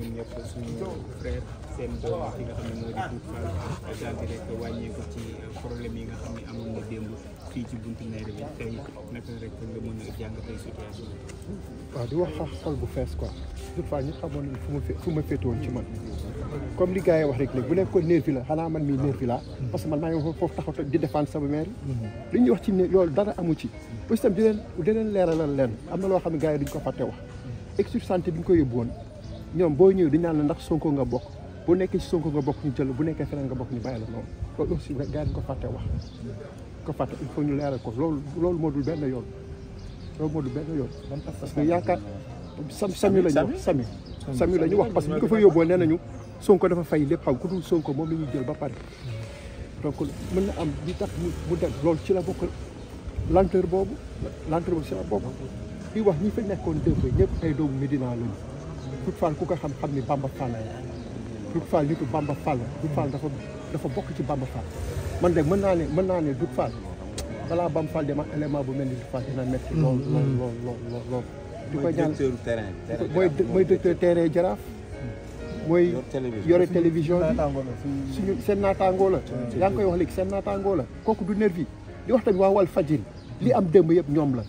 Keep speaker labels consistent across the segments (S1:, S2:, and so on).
S1: ñun ñëpp seen doom ki nga xam ne moo di Doudou Fall daal di rek
S2: wàññeeku ci euh, problème yi nga xam ne amoon na démb fii ci buntu Nayda bi tey a xol bu fees quoi Doudou Fall ñi xamoon nañu fu ma fé fu ma féetewoon ci man. comme li gaa yi wax rek léegi bu nekkoon nervi la xanaa man mii nervi parce que man maa ngi foofu taxaw di défendre sama maire mhm. li ñuy wax ci ne loolu dara amu ci aussi tam di leen di leen leeralal am na loo xam ne gars yi duñ ko fàtte wax équipe mhm. santé bi ñu ko yóbbu woon ñoom boo ñëw di ñaan la ndax Sonko nga bokk bu nekkee ci Sonko nga bokk ñu jël bu nekkee feneen nga bokk ñu bàyyi la noonu loolu aussi gars yi ko fàtte ko fàtte il faut ko loolu loolu moo dul benn yoon loolu moo dul benn yoon parce que yaakaar sam sami lañu wax sami sami la ñu wax parce que bu ko fa yóbboo nee nañu Sonko dafa fay lépp xam ku dul Sonko moom la ñuy jël ba pare donc mën na am li tax mu dem loolu ci la bokk lenteur boobu lenteur boobu ci la bokk di wax ñi fa nekkoon démb ñëpp ay doomu Medina lañu Doudou Fall ku ko xam-xam ni Bamba Fall la Doudou Fall nitu Bamba Fall dafa bokk ci Bamba Fall man de mën naa ne mën naa ne Doudou Fall balaa Bamba Fall ma élément bu mel ni Doudou Fall dina métti lool lool lool lool lool di ko ñaan mooy mooy docteur terrain jaraaf
S3: mooy yore télévision
S2: bi suñu seen naataangoo la yaa ngi koy wax léegi seen naataangoo la kooku du nervi di wax tamit waa wal fajiri li am démb yëpp ñoom la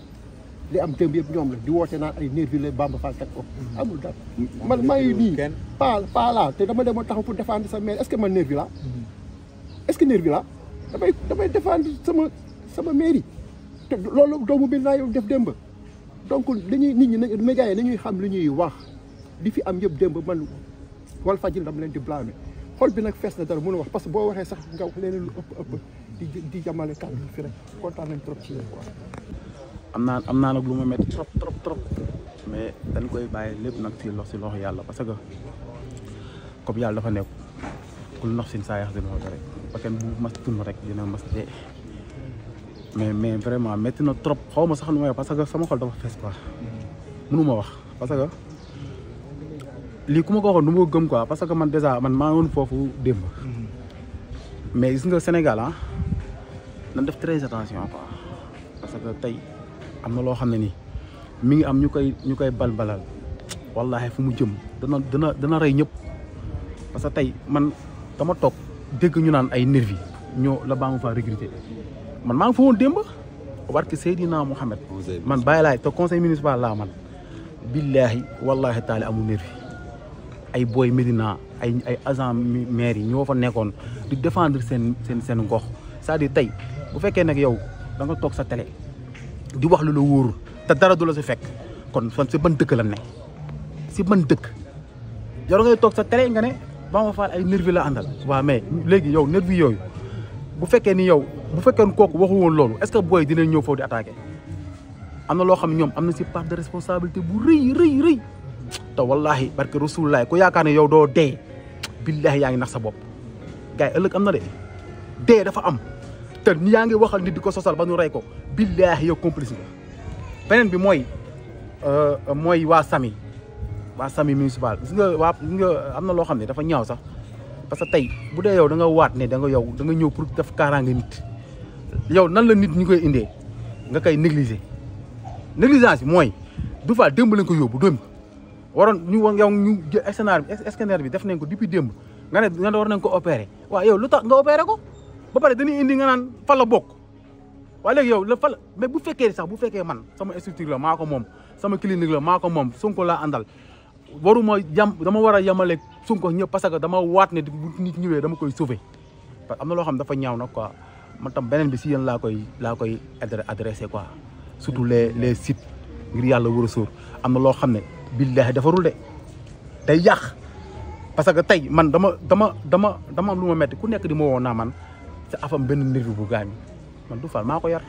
S2: li am démb yëpp ñoom la di woote naan ay nervi la Bamba Fall teg ko amul dara man maa ngi nii pa pa laa te dama demoon taxaw pour défendre sa maire est-ce que man nervi laa est-ce que nervi laa damay damay défendre sama sama mairie te loolu doomu bi laa yow def démb donc dañuy nit ñi nañ médias yi nañuy xam li ñuy wax di fi am yëpp démb man wal fajil dama leen di blâmer xol bi nag fees na dara mën wax parce que boo waxee sax nga wax leneen lu ëpp ëpp di di jamale kàddu fi rek kontaan trop ci quoi
S4: am naa am naa nag lu ma metti trop trop trop mais dañ koy bàyyi lépp nag si lox si loxo yàlla parce que comme yàlla dafa nekk ku lu nax sin saa yax sin xoto rek bakkan bu mas tund rek mais mais vraiment métti na trop xaw ma sax nu may wax parce que sama xol dafa fees quoi mënu ma wax parce que lii ku ma ko waxoon du ma gëm quoi parce que man déjà man maa ngi woon foofu démb mais gis nga Sénégal ah, def très attention quoi parce que tey am na loo xam ne nii mi ngi am ñu koy ñu koy balbalal wallaahi fu mu jëm dana dana dana rey ñëpp parce que tey man dama toog dégg ñu naan ay nervi ñoo la baa mu faa recruter man maa ngi fa woon démb barke Seydina Mouhamed man bàyyi laay te conseil municipal laa man billaahi wallaahi taala amul nervi ay booy Médina ay ay agent maire yi ñoo fa nekkoon di défendre seen seen seen ngox cest à bu fekkee nag yow da nga toog sa télé di wax lu la wóorul te dara du la si fekk kon fan si ban dëkk la ne si ban dëkk jarul ngay toog sa tere nga ne ba Bamba Fall ay nervi la àndal waaw mais léegi yow nervi yooyu bu fekkee ni yow bu fekkee kooku waxu woon loolu est-ce que booy dinañ ñëw foofu di attaqué am na loo xam ne ñoom am na si part de responsabilité bu rëy rëy rëy te wallaahi barke rasulullaahi ku yaakaar ne yow doo dee billaahi yaa ngi nax sa bopp gars ëllëg am na de dee dafa am te yaa ngi waxal nit di ko sosal ba ñu rey ko billaahi yow complice nga beneen bi mooy euh, mooy waa sami waa sami municipal gis nga waa gis nga am na loo xam ne dafa ñaaw sax parce que tey bu dee yow da nga waat ne da nga yow da nga ñëw pour def kaaraange nit yow nan la nit ñu koy indee nga koy négliger négligence mooy du fa démb lañ ko bu démb waroon ñu yow ñu jël scanner bi scanner bi def nañ ko depuis démb nga ne nga war nañ ko opérer waaw yow lu tax nga opérer ko ba pare dañuy indi nga naan fa la bokk waaye léegi yow la fa la mais bu fekkee sax bu fekkee man sama structure la maa ko moom sama clinique la maa ko moom Sonko laa àndal waruma jam dama war a yemale Sonko ñëpp parce que dama waat ne bu nit ñëwee dama koy sauver am na loo xam dafa ñaaw nag quoi man tam beneen bi si yéen laa koy laa koy adressé quoi surtout les les sites ngir yàlla war a sóor am na loo xam ne billaahi defarul de day yàq parce que tey man dama dama dama dama am ku nekk di ma woo naa man te afam benn nit bu gaañu man Doudou Fall maa ko yar.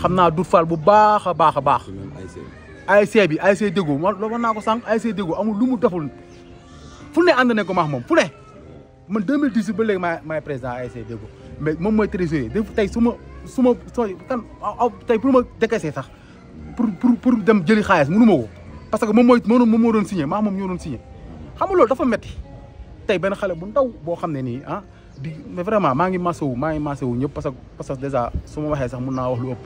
S4: xam naa Doudou Fall bu baax a baax a baax. ASC bi ASC Déggo man loolu naa ko sànq ASC Déggo amul lu mu deful fu ne ànd ne ko maax moom fu ne man 2018 ba léegi maay maay président ASC mais moom mooy trésorier def tey su ma su ma kan aw tey pour ma décaissé sax pour pour pour dem jëli xaalis mënu ma ko parce que moom mooy moom moo doon signé maax moom ñoo doon signé xam nga loolu dafa metti tey benn xale bu ndaw boo xam ne nii ah. di mais vraiment maa ngi masawu maa ngi masawu ñëpp parce que parce que su ma waxee sax mu naa wax lu ëpp.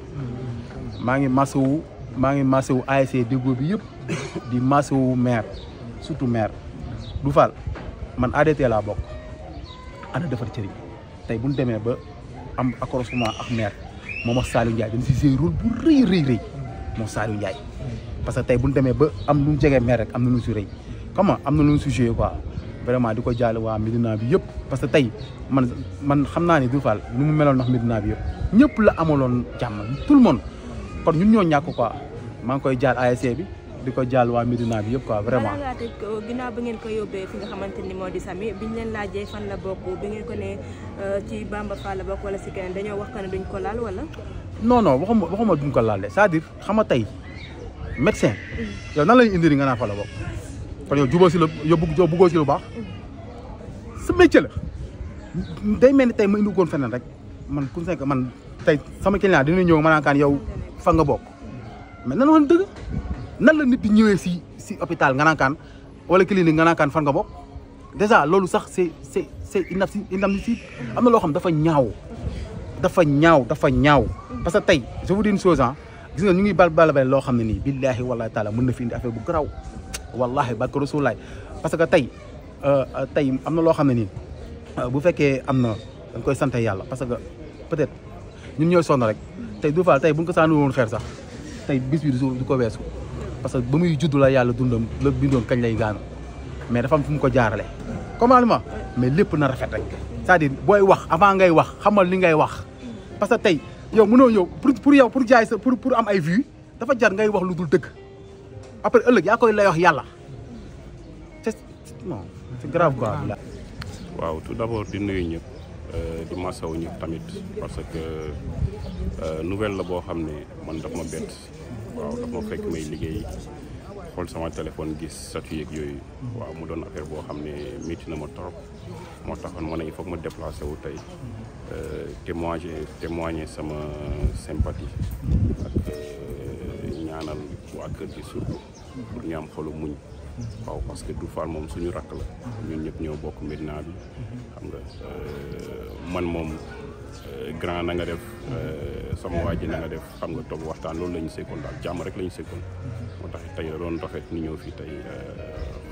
S4: maa ngi masawu maa ngi masawu ASC déggoo bi yëpp di masawu maire surtout maire du fal man ADT laa bokk ana defar cëriñ tey bu ñu demee ba am accrochement ak maire moom ak Saliou Ndiaye si jouer bu rëy rëy rëy moom Ndiaye parce que tey bu ñu demee ba am lu mu jege maire am na lu mu si rëy comment am na lu si jouer quoi. vraiment di ko jaal waa Medina bi yëpp parce que tey man man xam naa ne du faal ni mu meloon ndax Medina bi yëpp ñëpp la amaloon jàmm tout le monde kon ñun ñoo ñàkk ko maa ngi koy jaal ASC bi di ko jaal waa Medina bi yëpp quoi vraiment. balaa
S3: ngaa tëj ko ginnaaw bi ngeen ko yóbbee fi nga xamante ni leen laajee fan la bokk bi ngeen ko ne euh, ci Bamba Fall la bokk wala si keneen dañoo wax ne duñ ko laal wala.
S4: non waxuma duñ ko laal de c'est-à-dire xam nga tey médecin. Mm. yow nan lañu indi nga naa fa la bokk. par yow juboo si le yow bëgg yow bëggoo si lu baax sa métier la day mel ni ma indi koon feneen rek man ku man tay sama client dina ñëw man kan yow fa nga bok mais nan won deug nan la nit di ñëwee si si hôpital nga kan, kaan wala clinique nga naan kaan fan nga bok déjà lolu sax c'est c'est c'est inadmissible am amna lo xam dafa ñaaw dafa ñaaw dafa ñaaw parce que tay je vous dis une chose hein gis nga ñu ngi bal bal lo xam ne billahi wallahi taala mën na fi indi affaire bu graw wallahi barke rasulaay parce que tey euh, euh, tey am na loo xam ne nii euh, bu fekkee am na dañ koy sant yàlla parce que peut-être ñun ñooy sonn rek tey du faal tey bu ñu ko sànni woon xeer sax tey bis bi du ko weesu parce que ba muy judd la yàlla dundam la bindoon kañ lay gaanu mais dafa fu mu ko jaarale commandement mais lépp na rafet rek cest à booy wax avant ngay wax xamal li ngay wax parce que tey yow mënoo ñëw pour pour yow pour jaay sa pour pour am ay vues dafa jar ngay wax lu dul dëgg après ëllëg yaa koy lay wax yàlla c'est non c'est grave quoi.
S1: waaw tout d'abord di nuyu ñëpp euh, di masawu ñëpp tamit parce que euh, nouvelle la boo xam ne man daf ma bett waaw daf ma fekk may liggéey xool sama téléphone gis statut yeeg yooyu waaw mu doon affaire boo xam ne métti na ma trop moo taxoon ma ne il ma déplacé wu tey euh, témoigner témoigner sama sympathie ak ñaanal waa kër gi surtout pour ñu am muñ waaw parce que Doudou Fall moom suñu rakk la ñun ñëpp ñëw bokk Médina bi xam nga euh, man moom euh, grand na nga def euh, sama waa ji def xam nga toog waxtaan loolu lañu ñu sekkoon daal jàmm rek la ñu sekkoon moo tax tey la doon rafet ni ñëw fii tey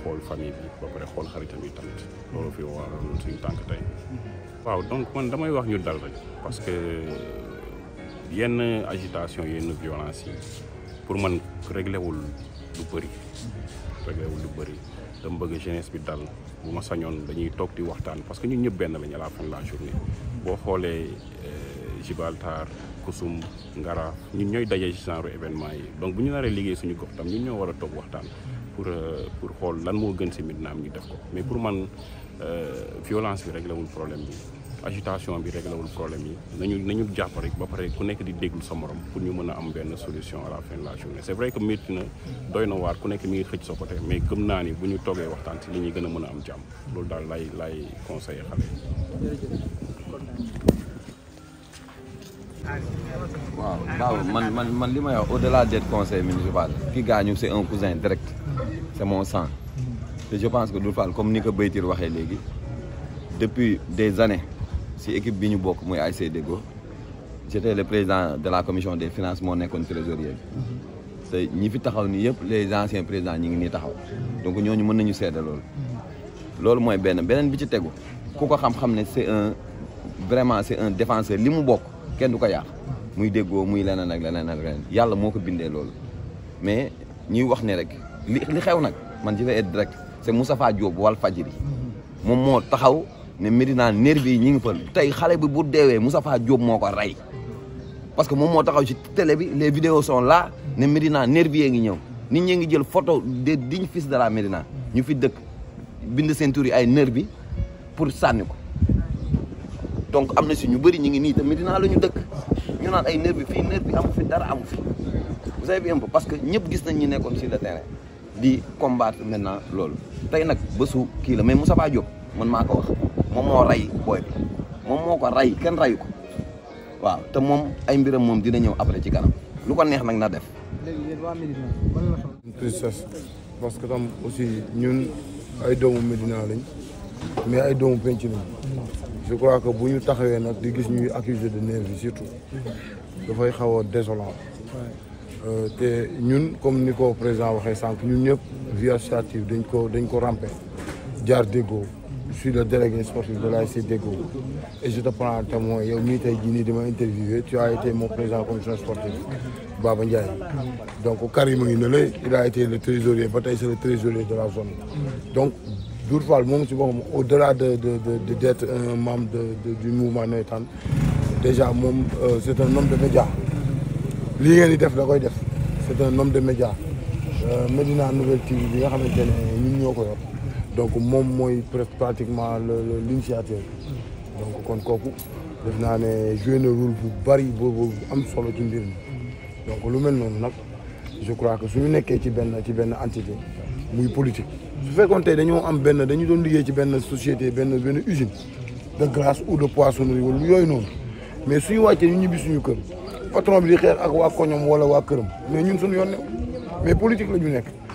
S1: xool famille bi ba pare xool tamit loolu fi waroon tey waaw donc man damay wax ñu dal rek parce que yenn agitation yenn violence yi pour man réglé wul lu bëri réglé lu bëri dama bëgg jeunesse bi dal bu ma sañoon dañuy toog di waxtaan parce que ñun ñëpp benn lañ à la fin de la journée boo xoolee Gibraltar euh, Kusum Ngara ñun ñooy daje ci genre événement yi donc bu ñu naree liggéey suñu gox tam ñu ñoo war a toog waxtaan pour euh, pour xool lan moo gën si Médina am ñu def ko mais pour man euh, violence bi réglé wul problème bi agitation bi réglé wul problème yi nañu nañu japp rek ba paré ku nekk di déglu sa morom pour ñu mëna am benn solution à la fin de la journée c'est vrai que métti na doy na ku nekk mi ngi xëc sa côté mais gëm naa ni bu ñu toogee waxtaan ci li ñuy gën a mën a am jàmm loolu daal lay lay conseiller xale
S3: waaw waaw man man
S1: man li may wax au-delà d'être
S3: conseil municipal ki gaañu c'est un cousin direct c'est mon sang te je pense que Doudou Fall comme ni ko Baytir waxee léegi depuis des années si équipe bi ñu bokk muy Dego. j'étais le président de la commission des finances moo nekkoon trésorier C'est ni ñi fi taxaw ni les anciens présidents ñi ngi Donc taxaw donc on mën nañu lool. Lool moy ben benen bi ci téggu. ku ko xam-xam né c'est un vraiment c'est un défenseur limu bok bokk kenn du ko yaax. muy déggoo muy lénen ak lénen ak leneen yàlla moo ko bindee mais ñi wax né rek li xew nak man ci être direct c'est Moustapha Diop Fadjiri. moom mo taxaw ne Médina nervi yi ñu ngi fa tey xale bi bu deewee Moustapha Diop moo ko rey parce que moom moo taxaw ci télé bi les vidéos son là ne Médina nervi yi ngi ñëw nit ñi ngi jël photo des fis fils de la Médina ñu fi dëkk bind seen yi ay nervi pour sànni ko donc am na si ñu bari ñu ngi nii te Médina la ñu dëkk ñu naan ay nervi fii nervi amu fi dara amu fi vous savez parce que ñëpp gis nañ ñu nekkoon sur le terrain di combattre maintenant loolu tey nag bésu kii la mais Moustapha Diop man maa ko wax moom moo rey booy bi moom moo ko rey kenn reyu ko waaw te moom ay mbiram moom dina ñëw après ci kanam lu ko neex nag na def.
S5: tristesse parce que tam aussi ñun ay doomu Médina lañ mais ay doomu penc lañ je crois que bu ñu taxawee nag di gis ñuy accusé de nervis surtout dafay xaw a désolant euh, te ñun comme ni ko président waxee sànq ñun ñëpp vie associative dañ ko dañ ko rampe jaar déggoo je suis le délégué sportif de la CDECO Et je te prends à témoin, yow mii tey jii nii interviewé tu as été mon président commission sportive Baba Ndiaye. donc au carré, il a été le trésorier ba c'est le trésorier de la zone. donc d'où Fall moom au-delà de de de d'être un membre de, du mouvement navétane déjà euh, c'est un homme de médias lii def da def c'est un homme de médias euh, Medina Nouvelle TV bi nga xamante donc mom moy presque pratiquement l'initiateur mm. donc kon kooku def naa ne joué na rôle bu bari boobu am solo ci mbir mm. donc lu mel non nak je crois que suñu nekkee ci ben ci ben entité muy politique mm. su fekkon tey dañu am ben dañu doon liggéey ci ben société ben ben usine de glace ou de poissonnerie wala yoy non mais suñu wàccee ñu ñibi suñu kër patron bi di xeer ak wa koñom wala wa kërëm mais ñun suñu yoon mais politique la ñu nekk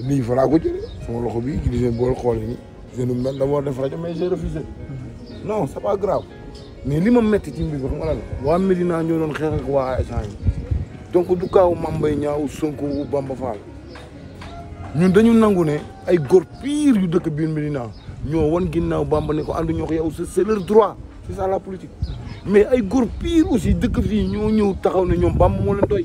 S5: lii fa laa ko jëlee sama loxo bi gisee bool xool yi seenu mel dama war def rajo mais j'ai non c'est pas grave mais li ma métti ci mbir bi xam nga lan la waa Médina ñoo doon xeex ak waa échange donc du kaaw mambay ñaaw Sonko u Bamba ñun dañu nangu ne ay góor pire yu dëkk biir Médina ñoo wan ginnaaw Bamba ne ko àndu ñoo ko yow c'est leur droit c'est ça la politique mais ay góor pire aussi dëkk fii ñoo ñëw taxaw ne ñoom Bamba moo leen doy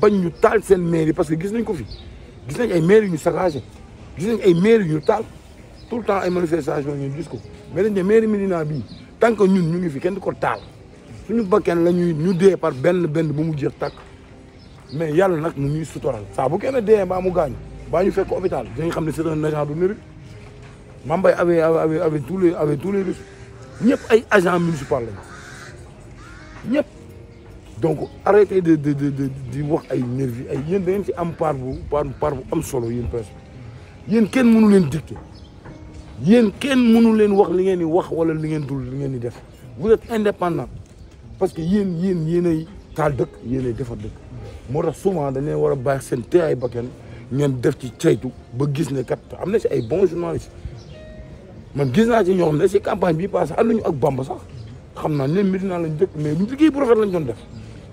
S5: bañ ñu taal seen maire parce que gis nañ ko fi gis nañ ay maire ñu saccagé gis nañ ay maire ñu taal tout temps ay manifestation ñu gis ko mais dañ ne maire bi tant que ñun ñu ngi fi kenn ko taal suñu bakken la ñuy ñu dee par benn benn bu mu jeex tak mais yàlla nag mu ñuy sutoral saa bu kenn dee ba mu gañ baa ñu fekk hôpital dañ xam c'est un agent du mairie mambay avé avé avé tous les avec tous les risques ay agent municipal lañ ñëpp donc arrêtez de de de de di wax ay nervi ay yéen da ngeen ci am part bu am solo yéen presse bi yéen kenn mënu leen dicter yéen kenn mënu leen wax li ngeen ni wax wala li ngeen dul li ngeen ni def vous êtes indépendant parce que yéen yéen yéenay taal dëkk yéenay defal dëkk Mo tax souvent dañ leen war baax sen te ay bakkan ngeen def ci ceytu ba gis ne kat amna ci ay bons journalistes man gis na ci ñoo xam ne ci campagne bi passé ànd nañu ak Bamba sax xam naa ne Medina lañ dëkk mais liggéey bu rafet lañ doon def.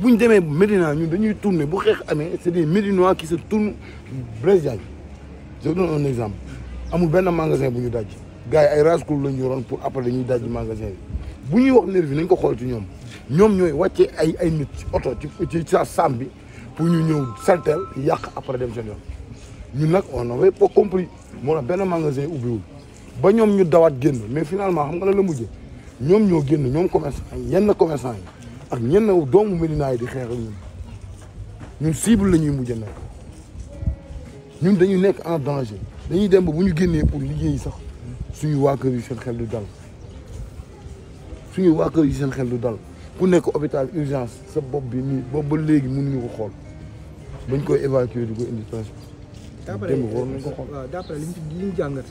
S5: Vous ñu demee ñun dañuy tourner bu c'est des Médinois qui se tournent le je donne un exemple amul benn magasin bu magasin daj gars ay le pour appeler magasin Vous wax nervi nañ ko xool ci ñoom ñoom ñooy wàccee ay ay nit ci ci pour ñu après dem jeune ñun on avait pas compris Mon benn magasin ubbiwul ba ñoom ñu dawaat mais finalement xam nga la la mujjee ñoom ñoo génn les commerçant a commerçant ak ñenn doomu Médina yi di xeex ak ñun ñun cible la ñuy mujj nekk ñun dañuy nekk en danger dañuy dem ba bu ñu génnee pour liggéey sax suñu waa kër yi seen xel du dal suñuy waa kër yi seen xel du dal ku nekk hôpital urgence sa bopp bi nii bopp ba léegi mënuñu ko xool bañ koy évacuer di ko indi transport.
S2: démb war nañ ko xool d'après li ñu jàngat.